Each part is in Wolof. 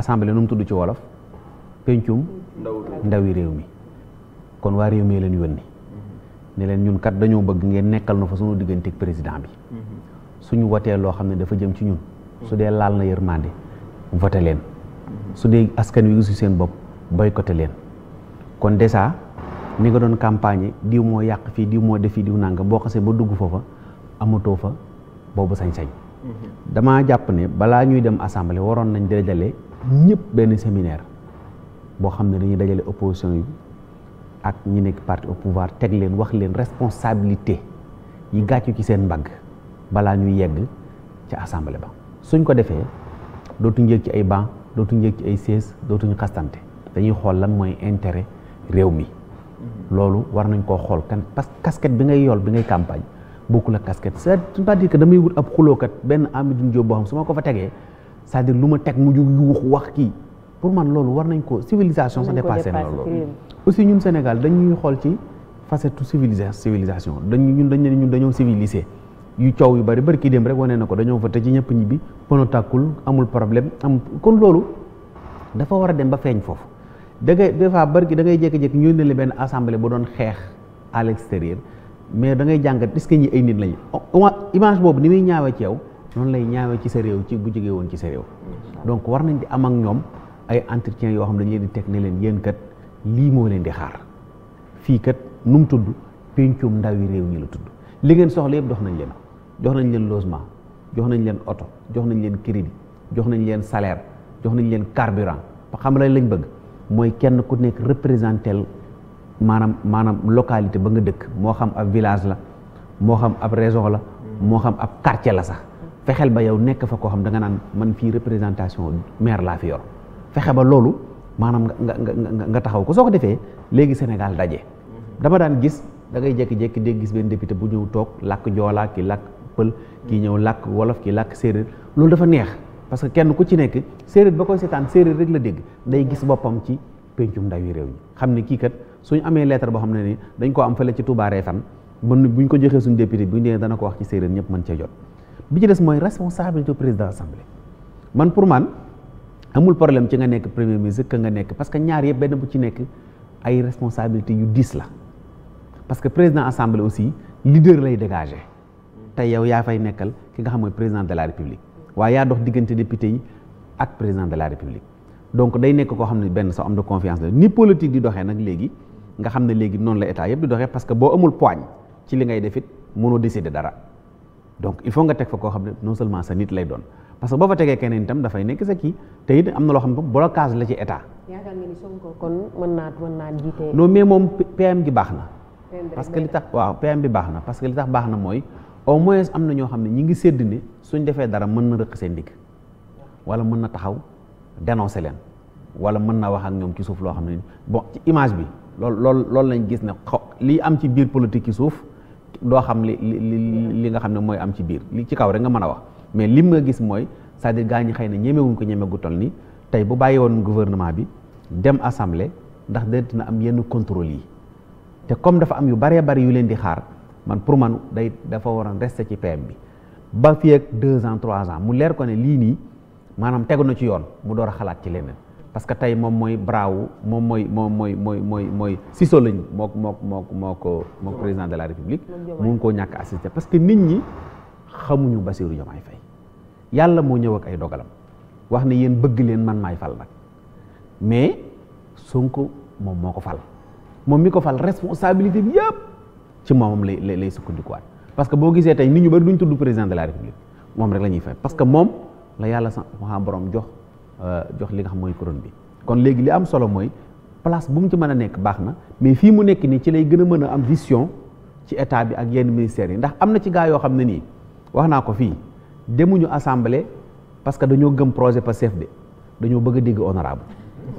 assemblée num tuddu ci wolof pencium ndawi réew mi kon wa réew mi ne len ñun kat dañu bëgg ngeen nekkal na fa digënté ak président bi suñu wotee lo xam ne dafa jëm ci ñun su dé laal na yermandé voté len su dé askan wi gisu seen bop boycotté len kon déssa ni nga doon campagne diw mo yaq fi diw mo def fi diw nanga bo xasse ba dugg fofa fa bobu sañ-sañ damaa jàpp ne balaa ñuy dem assemblée waroon nañ dajale ñëpp benn séminaire boo xam ne dañuy dajale opposition yi ak ñu nekk parti au pouvoir teg leen wax leen responsabilité yi gàccu ci seen mbagg balaa ñuy yegg ci assemblée ba suñ ko defee dootuñ yëg ci ay banc dootuñ yëg ci ay siège dootuñu xastante dañuy xool lan mooy intérêt réew mi mm-hmm. loolu war nañ koo xool kan parce que casquette bi ngay yool bi ngay campagne bokkul ak casquette cest à di que damay wut ab xulookat benn Amidou Diop boo xam su ma ko fa tegee sa à lu ma teg mu jug yuux wax kii pour man loolu war nañ ko civilisation ça dépassé na loolu aussi ñun Sénégal dañuy xool ci facette civilisation dañu ñun dañ ne ñun dañoo civilisé yu coow yu bari bari kii dem rek wane na ko dañoo fa te ci ñëpp ñibbi pono tàkkul amul problème am kon loolu dafa war a dem ba feeñ foofu da ngay des fois bari da ngay jékki-jékki ñu ne benn assemblée bu doon xeex à mais da ngay jàngat est ñi ay nit lañu image boobu ni muy ñaawee ceew yow noonu lay ñaawe ci sa réew ci bu jógee woon ci sa réew donc war nañ di am ak ñoom ay entretien yoo xam ne dañ leen di teg ne leen yéen kat lii moo leen di xaar fii kat nu mu tudd ndaw ndawi réew ñi la tudd li ngeen soxla yëpp jox nañ leen jox nañ leen logement jox nañ leen oto jox nañ leen crédit jox nañ leen salaire jox nañ leen carburant ba xam lañ lañ bëgg mooy kenn ku nekk représentel maanaam maanaam localité ba nga dëkk moo xam ab village la moo xam ab région la moo xam ab quartier la sax fexeel ba yow nekk fa koo xam da nga naan man fii représentation maire laa fi yor fexe ba loolu maanaam nga nga nga taxaw ko soo ko defee léegi Sénégal daje dama daan gis da ngay jékki-jékki dégg gis benn député bu ñëw toog lakk joolaa ki lakk pël kii ñëw lakk wolof ki lakk séeréer loolu dafa neex parce que kenn ku ci nekk séeréer ba koy seetaan séeréer rek la dégg day gis boppam ci pencum ndawi réew ñi xam ne kii kat suñu amee lettre boo xam ne ni dañ koo am fële ci Touba Refane mën buñ ko joxee suñu député bu ñu dee dana ko wax ci séeréer ñëpp mën cee jot bi ci des mooy responsabilité président assemblée man pour man amul problème ci nga nekk premier ministre que nga nekk parce que ñaar yëpp benn bu ci nekk ay responsabilité yu diis la parce que président assemblée aussi leader lay dégagé tey yow yaa fay nekkal ki nga xam mooy président de la république waaye yaa dox diggante député yi ak de la république donc day nek ko xam ben benn sa homme de confiance ni politique di doxé nak légui nga xam légui non la état yeb di doxé parce que bo amul poigne ci li ngay defit it décider dara donc il faut nga teg fa ko xam non seulement sa nit lay don parce que boo fa tegee keneen da fay nek sa ki te it am na xam blocage la ci état. yaakaar nga ni Sonko kon mën na mën na jiite. non mais mom PM gi baxna parce que li tax waaw PM bi baxna parce que li tax baxna moy au moins amna ño ñoo ñi ngi sédd ni suñ défé dara mën na rek seen dig wala mën na taxaw. dénoncé leen wala mën naa wax ak ñoom ci suuf loo xam ne bo ci image bi lool lool loolu lañ gis ne xo lii am ci biir politique ci suuf doo xam li li li nga xam ne mooy am ci biir li ci kaw rek nga mën a wax mais mu nga gis mooy sa dire gaa ñi xëy na ñemewuñ ko ñeme gu toll ni tey bu bàyyi woon gouvernement bi dem assemblée ndax da na am yenn contrôle yi te comme dafa am yu baree bari yu leen di xaar man pour man day dafa waroon rester ci PM bi ba fii ak deux ans mu leer ne lii nii maanaam tegu na ci yoon mu door a xalaat ci leneen parce que tey moom mooy braawu moom mooy moom mooy mooy mooy mooy siso lañ moo moo moo moo ko moo président de la république mu koo ñàkk assisté parce que nit ñi xamuñu Bassirou Diomaye Faye yàlla moo ñëw ak ay dogalam wax ne yéen bëgg leen man maay fal nag mais Sonko moom moo ko fal moom mi ko fal responsabilité bi yëpp ci moomam lay lay sukkandikuwaat parce que boo gisee tey nit ñu bari duñ tudd président de la république moom rek la ñuy fay parce que moom la yàlla sa borom jox euh, jox li nga xam mooy couronne bi kon léegi li am solo mooy place bu mu ci mën a nekk baax na mais fii mu nekk nii ci lay gën a mën a am vision ci état bi ak yenn ministères yi ndax na ci gaa yoo xam ne nii wax naa ko fii demuñu assemblée parce que dañoo gëm projet Pastef de dañoo bëgg a dégg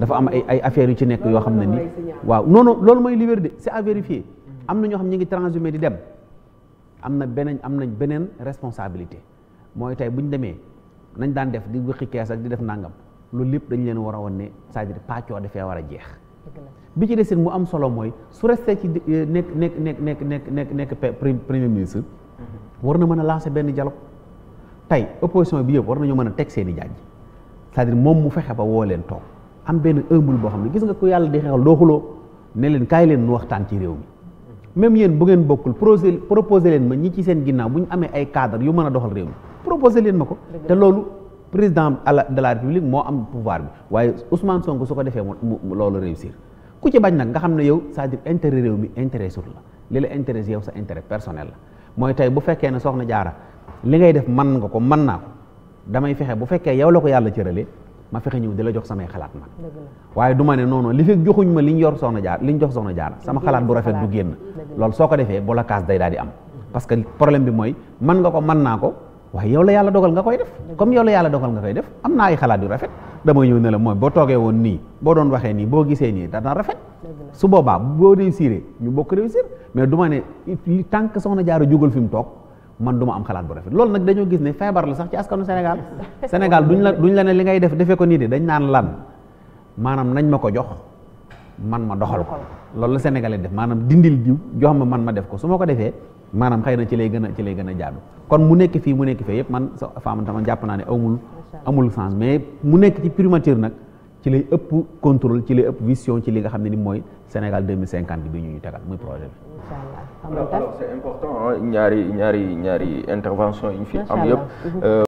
dafa am ay ay affaires yu ci nekk yoo xam ne nii waaw non non loolu mooy li wér de am na ñoo xam ñu ngi transhumé di dem am na beneen am nañ beneen responsabilité mooy tey bu demee nañ daan def di wéqi kees ak di def nangam loolu lépp dañ leen war a woon ne c'est-à-dire pàccoo dafee war a jeex bi ci desin mu am solo mooy su resté ci eh, nekk nekk nekk nekk nekk nekk nekk premier ministre mhm. war na mën a lancer benn dialogue tey opposition bi yëpp war nañu mën a teg seen i jaaj c'est-à-dire moom mu fexe ba woo leen toog am benn ëmbul boo xam ne gis nga ku yàlla di xeexal doo xuloo ne leen kaay leen nu waxtaan ci réew mi mhm. même yéen bu ngeen bokkul proposé leen ma ñi ci seen ginnaaw bu ñu amee ay cadre yu mën a doxal réew mi proposé leen ma ko te loolu président de la république moo am pouvoir bi waaye Ousmane Sonko su ko defee mu loolu réussir ku ci bañ nag nga xam ne yow saa à dire intérêt réew mi intérêt sur la li la intérêt yow sa intérêt personnel la mooy tey bu fekkee ne soxna jaara li ngay def man nga ko man naa ko damay fexe bu fekkee yow la ko yàlla cëralee ma fexe ñëw di la jox samay xalaat man waaye du ma ne noonu li fekk joxuñ ma li ñu yor soxna jaar li ñu jox soxna jaar sama xalaat bu rafet du génn loolu soo defee bu la day daal di am parce que problème bi mooy mën nga ko mën naa ko waaye yow la yàlla dogal nga koy def comme yow la yàlla dogal nga koy def am naa ay xalaat yu rafet dama ñëw ne la mooy boo toogee woon nii boo doon waxee nii boo gisee nii da rafet su boobaa boo réussir ñu bokk réussir mais du ma ne tant que soxna jaara jógal fi mu toog man du ma am xalaat bu rafet loolu nag dañoo gis ne feebar la sax ci askanu Sénégal Sénégal duñ la duñ la li ngay def defee nii de dañ naan lan maanaam nañ ma ko jox man ma doxal ko loolu la Sénégalais def maanaam dindil diw jox ma man ma def ko su ma ko defee maanaam xëy na ci lay gën a ci lay gën a jaadu kon mu nekk fii mu nekk fee yëpp man sa femme tamit jàpp naa ne amul amul sens mais mu nekk ci primature nag ci lay ëpp contrôle ci lay ëpp vision ci li nga xam ne ni mooy Sénégal 2050 bi ñu ñu tegal muy projet bi. incha allah alors c'est important ñaari ñaari ñaari intervention yi ñu fi am yëpp. Mhm. Euh,